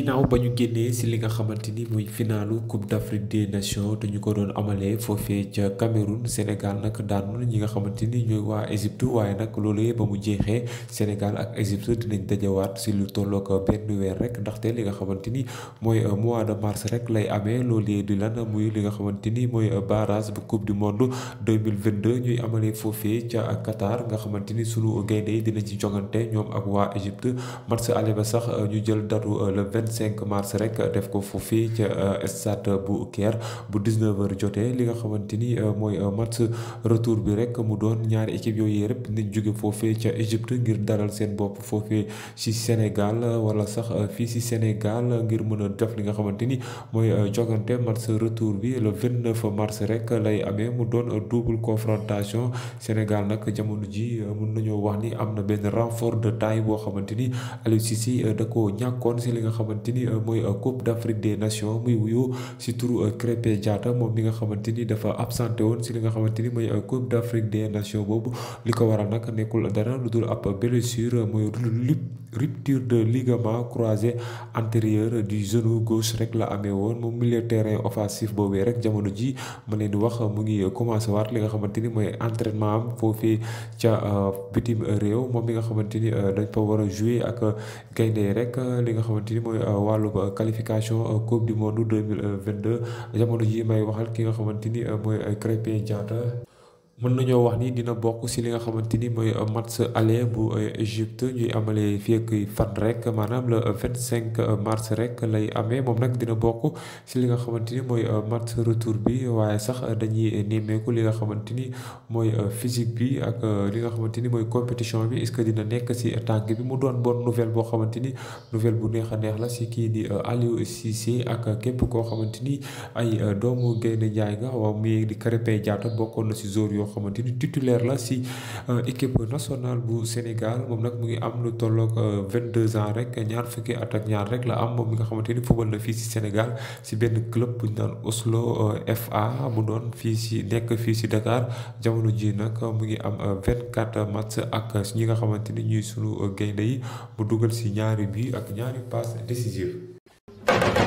ginnaaw ba ñu génnee ci li nga xamante ni muy finaalu coupe d'Afrique des nations te ñu ko doon amalee foofee ca Cameroun Sénégal nag daanul ñi nga xamante ni ñooy waa Égypte waaye nag loolu ba mu jeexee Sénégal ak Égypte dinañ dajawaat ci lu tollook benn weer rek ndaxte li nga xamante ni mooy mois de mars rek lay amee loolu di lan muy li nga xamante ni mooy barrage bu coupe du monde 2022 ñuy amalee foofee ca Qatar nga xamante ni sunu gaynde yi dinañ ci jogante ñoom ak waa Égypte match aller ba sax ñu jël datu euh, le 25 mars rek def ko foofee ca euh, stade bu Caire bu 19h jotee li nga xamante ni euh, mooy euh, match retour bi rek mu doon ñaari équipe yooyu yëpp nañ jóge foofee ca Égypte ngir dalal seen bopp foofee ci Sénégal wala sax fii ci Sénégal ngir mën a def li nga xamante ni mooy jogante match retour bi le 29 mars rek lay amee mu doon double confrontation Sénégal nag jamono ji mën nañoo wax ni am na benn renfort de taille boo xamante ni da ko ñàkkoon ci li nga xamante xamante ni euh, mooy euh, Coupe d'Afrique des Nations muy wuyu si turu euh, Krépin Diatta moom mi nga xamante ni dafa absenté woon si li nga xamante ni mooy Coupe d'Afrique des Nations boobu li ko waral nag nekkul dara lu dul ab blessure mooy rupture de ligament croisé antérieur du genou gauche rek la amee woon moom milieu terrain offensif boobee rek jamono ji ma leen di wax mu ngi commencé waat li nga xamante ni mooy entraînement am foofee ca bitim réew moom bi nga xamante ni dañ fa war a jouer ak gaynde Euh, wàllu euh, qualification euh, coupe du monde 2022 jamono ji may waxal ki nga xamante ni mooy Krépin Diatta mën nañoo wax nii dina bokk si li nga xamante ni mooy euh, match aller bu euh, Égypte ñuy amalee fii ak fan rek maanaam le euh, vingt cinq rek lay amee moom nag dina bokk si li nga xamante ni mooy match retour bi waaye sax dañuy nemmeeku li nga xamante ni mooy physique bi ak li nga xamante ni mooy compétition bi est-ce que dina nekk si tànk bi mu doon bonne nouvelle boo xamante ni nouvelle bu neex a neex la si kii di Aliou Cissé ak képp koo xamante ni ay doomu Gaynde Njaay nga waaw muy di Krépin Diatta bokkoon na si zone yoo xamante ni titulaire la si euh, équipe nationale bu Sénégal moom nag mu ngi am lu euh, vingt 22 ans rek ñaar fukki at ak ñaar rek la am moom bi nga xamante ni football na fii ci Sénégal si benn club bu ñu naan Oslo euh, FA mu doon fii si nekk fii si Dakar jamono ji nag mu ngi am 24 match ak ñi nga xamante ni ñuy sunu gaynde yi mu dugal si ñaari bii ak ñaari passe décisive